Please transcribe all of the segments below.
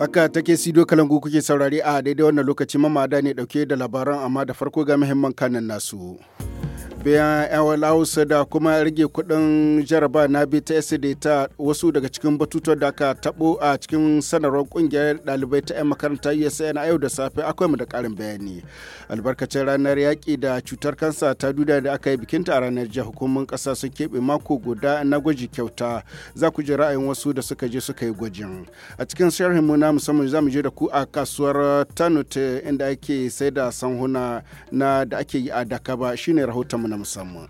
Aka take Sido Kalangu kuke saurari a daidai wannan lokaci mamada ne dauke da labaran amma da farko ga muhimman kanan nasu. biyan yawon walawusa da kuma rage kudin jaraba na bts da ta wasu daga cikin batutuwa da aka tabo a cikin sanarwar kungiyar dalibai ta 'yan makaranta yasa yana yau da safe akwai mu da karin bayani albarkacin ranar yaƙi da cutar kansa ta duda da aka yi bikinta a ranar jiya hukumomin ƙasa sun keɓe mako guda na gwaji kyauta za ku ji ra'ayin wasu da suka je suka yi gwajin a cikin sharhin mu na musamman za mu je da ku a kasuwar tanut inda ake sai da sanhuna na da ake yi a dakaba shine rahoton mu na musamman.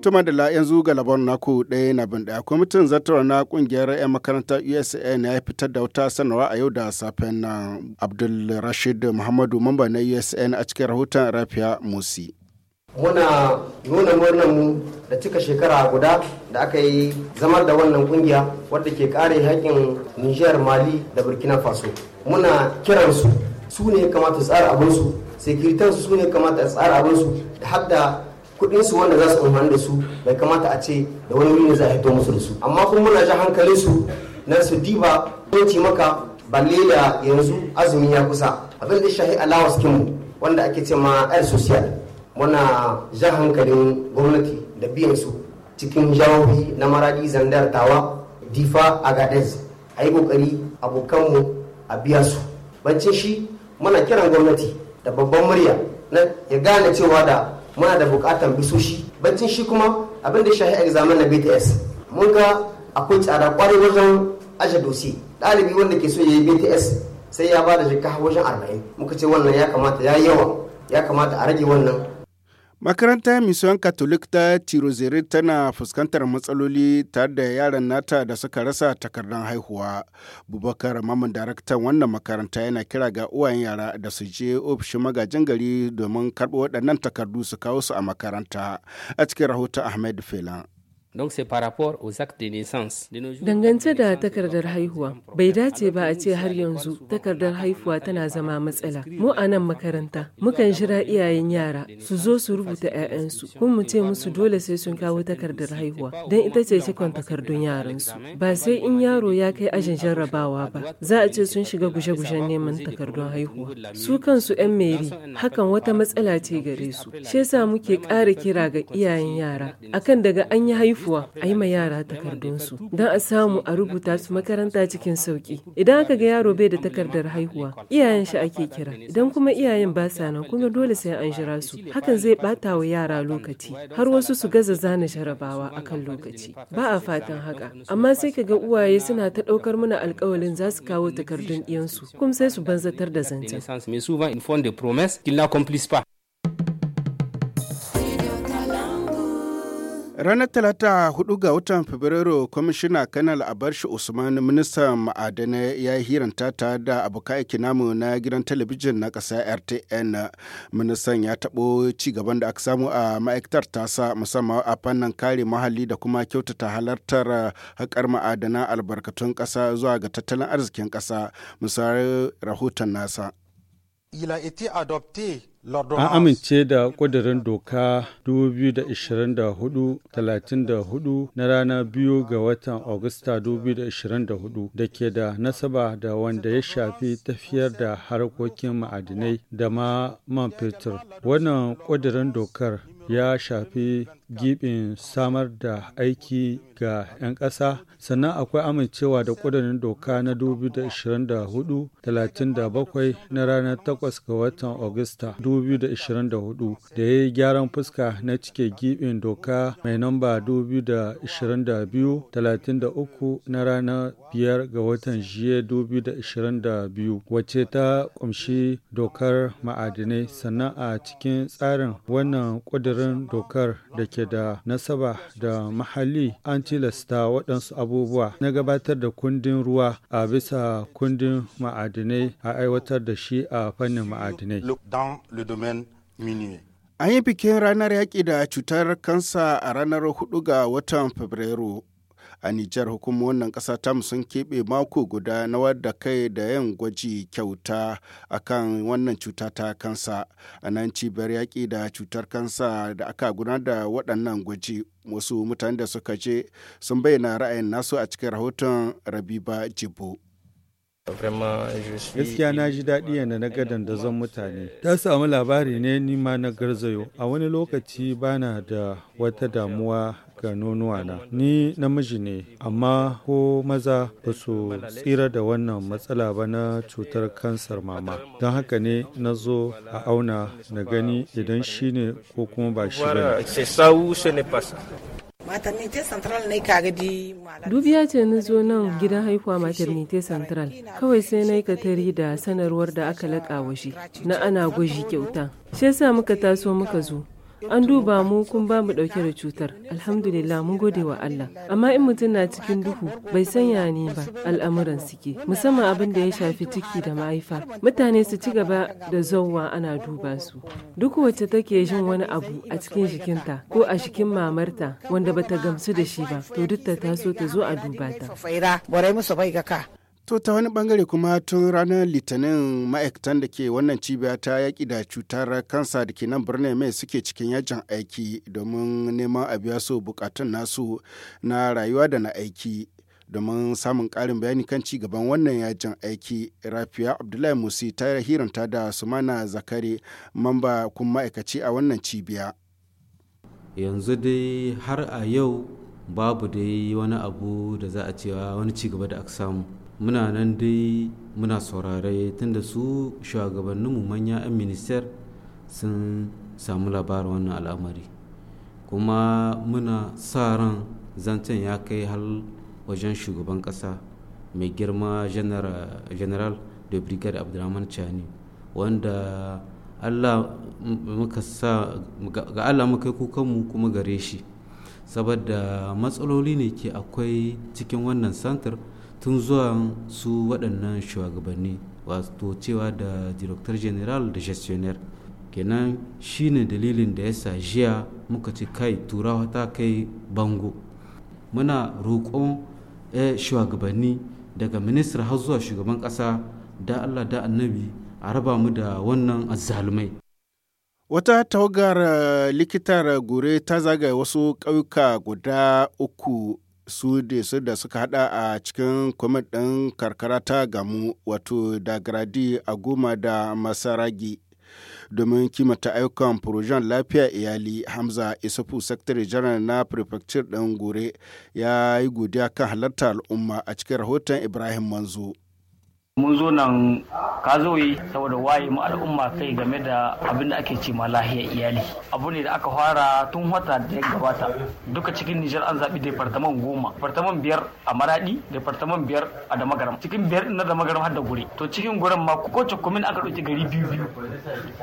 tuma da la yanzu ga labar naku ɗaya na bin ɗaya kwamitin zartarwa na kungiyar 'yan makarantar usan ya fitar da wata sanarwa a yau da safen na abdul rashid muhammadu mamba na usn a cikin rahoton rafiya musi muna nuna murnar mu da cika shekara guda da aka yi zamar da wannan kungiya wadda ke kare haƙƙin nijar mali da burkina faso muna kiransu su ne kamata tsara abinsu sekiritan su ne kamata a tsara abin su da hadda kuɗin su wanda za su amfani da su bai kamata a ce da wani wuri ne za a hito musu da su amma kuma muna ji hankalin su na su diba yanci maka balle da yanzu azumin ya kusa abin da shahi alawas kinmu wanda ake ce ma air social muna ja hankalin gwamnati da biyan su cikin jawabi na maradi zandar tawa difa gadez a yi kokari abokanmu a biya su bancin shi muna kiran gwamnati da babban murya na ya gane cewa da muna da bukatan bisoshi baccin shi kuma abin da shahi examen na bts mun ga akwai tsada kwarai wajen aje dosi ɗalibi wanda ke so ya yi bts sai ya ba da jika wajen arba'in muka ce wannan ya kamata ya yawa ya kamata a rage wannan Makarantar Mission Katolik ta Tirozere tana fuskantar matsaloli tare da yaran nata da suka rasa takardar haihuwa. Bubakar Maman daraktan wannan makaranta yana kira ga uwayen yara da su je ofishin magajin gari domin karɓo waɗannan takardu su kawo su a makaranta. A cikin rahoton Ahmed Felan. Dangance da takardar haihuwa, bai dace ba a ce har yanzu takardar haihuwa tana zama matsala. Mu a nan makaranta, mukan jira iyayen yara su zo su rubuta 'ya'yansu, kun mu ce musu dole sai sun kawo takardar haihuwa, don ita ce cikon takardun yaransu. Ba sai in yaro ya kai ajin jarrabawa ba, za a ce sun shiga guje-gujen neman takardun haihuwa. Su kansu 'yan meri, hakan wata matsala ce gare su. Shi yasa muke ƙara kira ga iyayen yara, akan daga an yi haihuwa a yi ma yara takardunsu don a samu a rubuta su makaranta cikin sauki idan aka ga yaro bai da takardar haihuwa iyayen shi ake kira idan kuma iyayen ba sa nan kuma dole sai an jira su hakan zai bata wa yara lokaci har wasu su gaza zana jarabawa akan lokaci ba a fatan haka amma sai ka ga uwaye suna ta ɗaukar mana alkawalin za su kawo takardun ɗiyansu kuma sai su banzatar da zancen Ranar Talata hudu ga watan Fabrairu, Kwamishina Kanal a barshi Usman, ministan ma'adana ya hiranta ta da abokan aiki namu na gidan talabijin na ƙasa RTN. Ministan ya taɓo ci gaban da aka samu a ma'aikatar tasa musamman a fannin kare muhalli da kuma kyautata halartar haƙar ma'adana albarkatun ƙasa zuwa ga tattalin arzikin ƙasa. Misali rahoton nasa. Il a An amince da ƙudurin doka 2024 na rana biyu ga watan Agusta 2024 da ke da nasaba da wanda ya shafi tafiyar da harkokin ma'adinai da ma man fetur. Wannan ƙudurin dokar ya shafi gibin samar da aiki ga 'yan ƙasa sannan akwai amincewa da ƙudurin doka na 2024-37 na ranar 8 ga watan Agusta 2024 da ya yi gyaran fuska na cike gibin doka mai namba 2022-33 na ranar 5 ga watan jiye 2022 wacce ta ƙumshi dokar ma'adinai sannan a cikin tsarin wannan ƙudurin kudirin dokar da ke da nasaba da mahalli an tilasta waɗansu abubuwa na gabatar da kundin ruwa a bisa kundin ma'adinai a aiwatar da shi a fannin ma'adinai. An yi bikin ranar yaƙi da cutar kansa a ranar 4 ga watan Fabrairu. a Nijar hukumomin ƙasa tam sun keɓe mako guda na wadda kai da yan gwaji kyauta akan wannan cuta ta kansa a nan cibiyar yaƙi da cutar kansa da aka gudanar da waɗannan gwaji wasu mutane da suka je sun bayyana ra'ayin nasu a cikin rahoton rabiba jibo gaskiya na ji daɗi yana na gadon da zan mutane ta samu labari ne nima na garzayo a wani lokaci bana da wata damuwa ga nonuwa na ni namiji ne amma ko maza ba su tsira da wannan matsala ba na cutar kansar mama don haka ne na zo a auna na gani idan shi ne ko kuma ba shi ba ne dubiya ce na zo nan gidan haihuwa maternité central kawai sai na yi katari da sanarwar da aka laƙa wa shi na ana gwaji kyauta shi yasa muka taso muka zo an duba mu kun ba mu dauke da cutar alhamdulillah mun gode wa Allah amma in mutum na cikin duhu bai sanya ni ba al'amuran suke musamman abin da ya shafi ciki da mahaifa mutane su ci gaba da zauwa ana duba su duk wacce take jin wani abu a cikin jikinta ko a cikin mamarta wanda bata gamsu da shi ba to duk ta taso ta zo a duba ta To ta wani bangare kuma tun ranar litinin ma'aikatan da ke wannan cibiya ta yaƙi da cutar kansa da ke nan birnin mai suke cikin yajin aiki domin neman a biya su bukatun nasu na rayuwa da na aiki. Domin samun ƙarin bayani kan ci gaban wannan yajin aiki, Rafiya Abdullahi Musi ta hiranta da Sumana Zakari, mamba kuma ma'aikaci a wannan cibiya. Yanzu dai har a yau babu dai wani abu da za a cewa wani ci gaba da aka samu. muna nan dai muna saurare tunda su shugabanninmu manya 'yan minister sun samu labarin wannan al'amari kuma muna sa ran zancen ya kai hal wajen shugaban ƙasa mai girma general da brigade abdulrahman chani wanda ga allah muka yi kukanmu kuma gare shi saboda matsaloli ne ke akwai cikin wannan santar tun zuwa su waɗannan shugabanni wato cewa da director general da gestionnaire kenan shine dalilin da ya sa jiya muka ci kai turawa ta kai bango muna roƙon eh, shugabanni daga ministar har zuwa shugaban ƙasa da allah da annabi a raba mu da wannan azzalumai Wata tawagar eh, likitar gure ta zagaya wasu ƙauyuka guda uku su da su da suka hada a cikin kwamit ɗin karkara ta gamu wato da gradi a goma da masaragi domin kimata ayyukan projan lafiya iyali hamza isufu sakatare janar na prefecture ɗin gore ya yi godiya kan halarta al'umma a cikin rahoton ibrahim manzo mun zo nan ka yi saboda waye mu al'umma kai game da abin da ake ce ma lahiyar iyali abu ne da aka fara tun wata da ya gabata duka cikin nijar an zaɓi departaman goma departaman biyar a maradi departaman biyar a damagaram cikin biyar na damagaram har da gure to cikin guren ma ce kumin aka ɗauki gari biyu biyu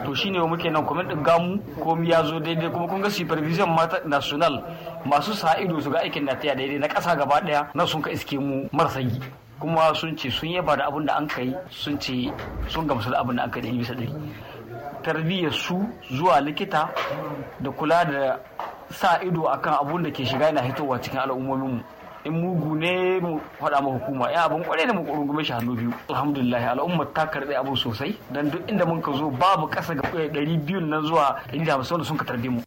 to shine wa muke nan kumin ɗin gamu komi ya zo daidai kuma kun ga supervision mata national masu sa ido su ga aikin da ta daidai na ƙasa gaba ɗaya na sun ka iske mu marasa yi kuma sun ce sun yaba da abin da an kai sun ce sun gamsu da abin da an kai ɗari bisa ɗari tarbiyyar su zuwa likita da kula da sa ido akan abun da ke shiga yana hitowa cikin al'ummominmu in mugu ne mu faɗa ma hukuma ya abin kwarai da mu gume shi hannu biyu alhamdulillah al'ummar ta karɓi abu sosai dan duk inda mun ka zo babu ƙasa ga ɗari biyun nan zuwa ɗari da hamsin sun ka mu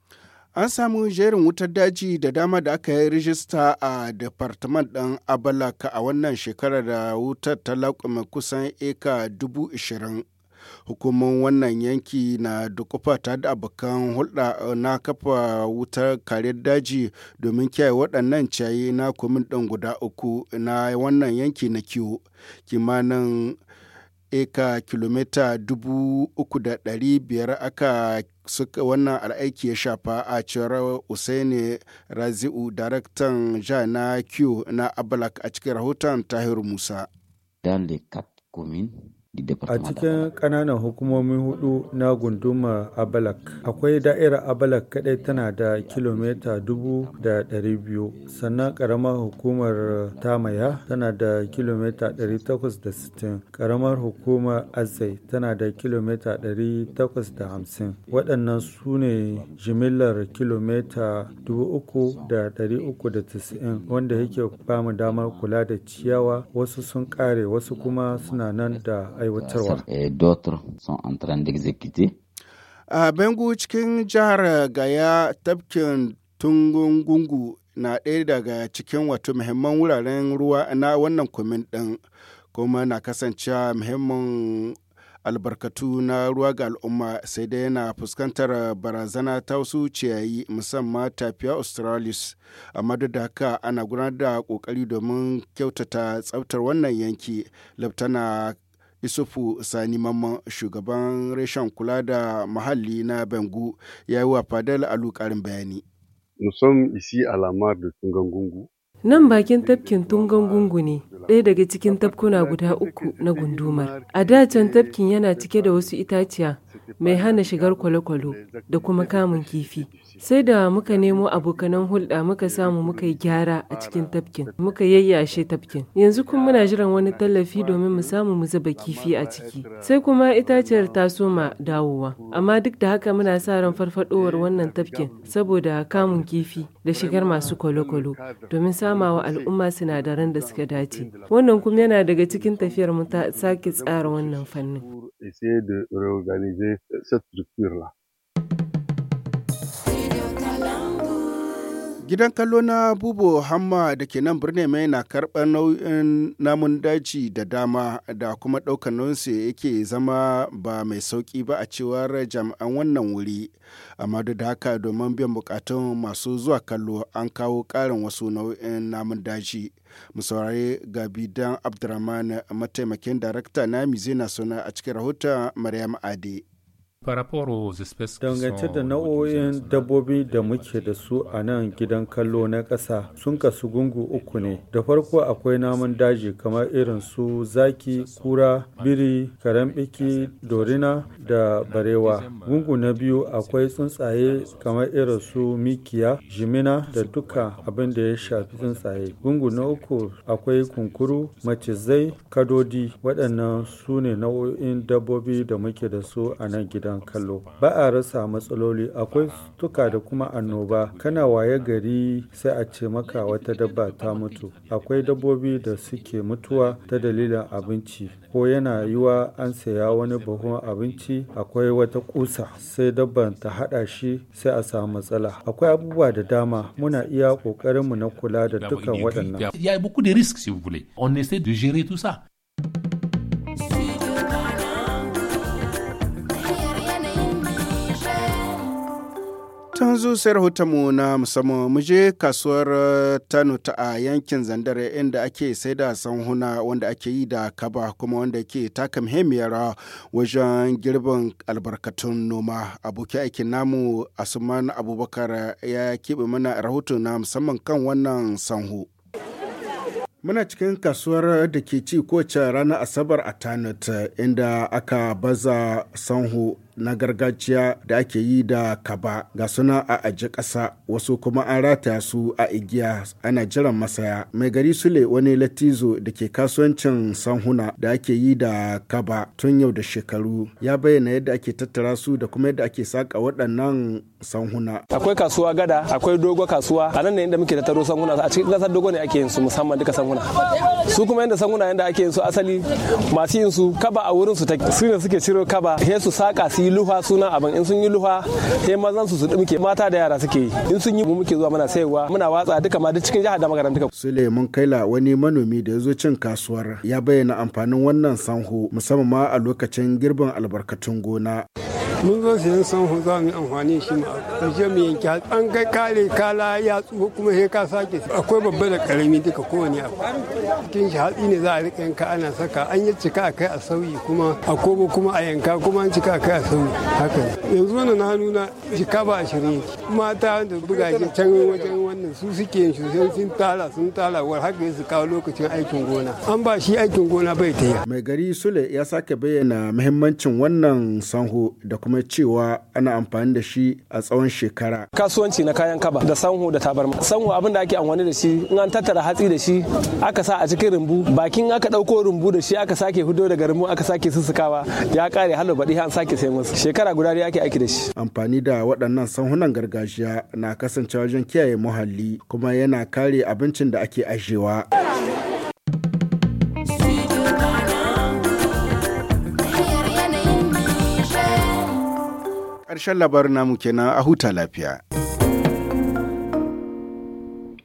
An samu jerin wutar daji da dama da aka yi rijista a Departement ɗin Abalaka a wannan shekarar da wutar ta laƙume kusan eka dubu ishirin. Hukumomin wannan yanki na dukufa ta da abokan hulɗa eh, na kafa wutar kare daji domin kiyaye waɗannan ciyayi na kumin ɗin guda uku na wannan yanki na kiwo. Kimanin eka kilomita dubu uku da ɗari biyar aka suka wannan al'aiki ya shafa a cewar usaini razi'u daraktan ja na q na abalak a cikin rahoton tahir musa. A cikin ƙananan hukumomi hudu na gunduma Abalak, akwai da'irar Abalak kadai tana da kilomita dubu da ɗari biyu, sannan ƙaramar hukumar Tamaya tana da kilomita ɗari takwas da sittin, ƙaramar hukumar Azai tana da kilomita ɗari takwas da hamsin. Waɗannan su ne jimillar kilomita dubu uku da ɗari uku da tisa'in wanda yake bamu damar kula da ciyawa wasu sun ƙare wasu kuma suna nan da aiwatarwa. Eh, A Bengu cikin jihar Gaya tafkin Tungungungu na ɗaya daga cikin wato muhimman wuraren ruwa na wannan kumin ɗin kuma na kasancewa muhimmin albarkatu na ruwa ga al'umma sai dai yana fuskantar barazana ta wasu ciyayi musamman tafiya australis amma duk da haka ana gudanar da kokari domin kyautata tsaftar wannan yanki laftana isufu sani mamman shugaban reshen kula da muhalli na bengu ya yi wa fadal alu bayani nous isi alamar da tungan gungu Nan bakin tafkin Tungangungu ne, ɗaya daga cikin tafkuna guda uku na gundumar. A da can tafkin yana cike da wasu itaciya, mai hana shigar kwale kwale da kuma kamun kifi sai da muka nemo abokanan hulɗa muka samu muka yi gyara a cikin tafkin muka yayyashe tafkin yanzu kun muna jiran wani tallafi domin mu samu mu zuba kifi a ciki sai kuma itaciyar ta soma dawowa amma duk da haka muna sa ran farfadowar wannan tafkin saboda kamun kifi da shigar masu kwale kwale domin samawa al'umma sinadaran da suka dace wannan kuma yana daga cikin tafiyar mu ta sake tsara wannan fannin. ces, Gidan kallo na Bubo Hamma da ke nan birnin mai na karɓar nau'in namun daji da dama da kuma ɗaukar nauyinsu yake zama ba mai sauƙi ba a cewar jami'an wannan wuri. Amma duk da haka domin biyan buƙatun masu zuwa kallo an kawo ƙarin wasu nau'in namun daji. Mu ga bidan Abdurrahman mataimakin darakta na Mizina suna a cikin rahoton Maryam Ade. Dangance da nau'o'in dabbobi da muke da su a nan gidan kallo na ƙasa sun kasu gungu uku ne. Da farko akwai namun daji kamar irin su zaki, kura, biri, karambiki, dorina da barewa. Gungu na biyu akwai tsuntsaye kamar irin su mikiya, jimina da duka abin da ya shafi tsuntsaye. Gungu na uku akwai kunkuru, macizai, kadodi waɗannan su ne nau'o'in dabbobi da muke da su a nan gidan. wannan kallo ba a rasa matsaloli akwai tuka da kuma annoba kana waye gari sai a ce maka wata dabba ta mutu akwai dabbobi da suke mutuwa ta dalilin abinci ko yana yiwa an saya wani buhun abinci akwai wata kusa sai dabban ta hada shi sai a samu matsala akwai abubuwa da dama muna iya mu na kula da dukkan waɗannan tun hanzu sai rahotonmu na musamman mu je kasuwar eh, Tano ta a yankin Zandare inda ake sai da sanhuna wanda ake yi da kaba kuma wanda ke taka muhimmiyar wajen girbin albarkatun noma. Aboki aikin namu Asuman Abubakar eh, ya keɓe mana rahoton na musamman kan wannan sanhu. Muna cikin kasuwar da ke ci kowace ranar Asabar a Tanut inda aka baza sanhu na gargajiya da ake yi da kaba ga suna a aji ƙasa wasu kuma an rataya su a igiya ana jiran masaya mai gari sule wani latizo da ke kasuwancin sanhuna da ake yi da kaba tun yau da shekaru ya bayyana yadda ake tattara su da kuma yadda ake saka waɗannan sanhuna akwai kasuwa gada akwai dogo kasuwa a nan ne inda muke tattaro sanhuna a cikin ƙasar dogo ne ake yin su musamman duka sanhuna su kuma yadda sanhuna yadda ake yin su asali masu yin su kaba a wurin su su ne suke ciro kaba sai su saka su yi luha suna abin in sun yi luha sai mazan su su dumke mata da yara suke yi in sun yi mu muke zuwa muna sayarwa muna watsa duka ma duk cikin jihar da magaran duka Suleiman Kaila wani manomi da ya zo cin kasuwar ya bayyana amfanin wannan sanho musamman ma a lokacin girbin albarkatun gona mun zo sayan sanho za mu yi amfani shi mu je mu yanki an kai kare kala ya tsuho kuma sai ka sake akwai babba da karami duka kowane abu cikin shi hatsi ne za a rika yanka ana saka an yi cika a kai a sauyi kuma a kobo kuma a yanka kuma an cika a kai a sauyi haka yanzu wannan nuna shi jika ba ashirin mata da bugaje can wajen wannan su suke yin shi sun tara sun tara war haka su kawo lokacin aikin gona an ba shi aikin gona bai ta mai gari sule ya sake bayyana muhimmancin wannan sanho da kuma damar cewa ana amfani da shi a tsawon shekara. Kasuwanci na kayan kaba da sanho da tabarma. Sanho abin da ake amfani da shi in an tattara hatsi da shi aka sa a cikin rumbu bakin aka ɗauko rumbu da shi aka sake hudo daga rumbu aka sake sussukawa ya kare halo baɗi an sake sai musu shekara guda ne ake aiki da shi. Amfani da waɗannan sanhunan gargajiya na kasancewa wajen kiyaye muhalli kuma yana kare abincin da ake ajewa. Ƙarshen labarin namu kenan a huta lafiya.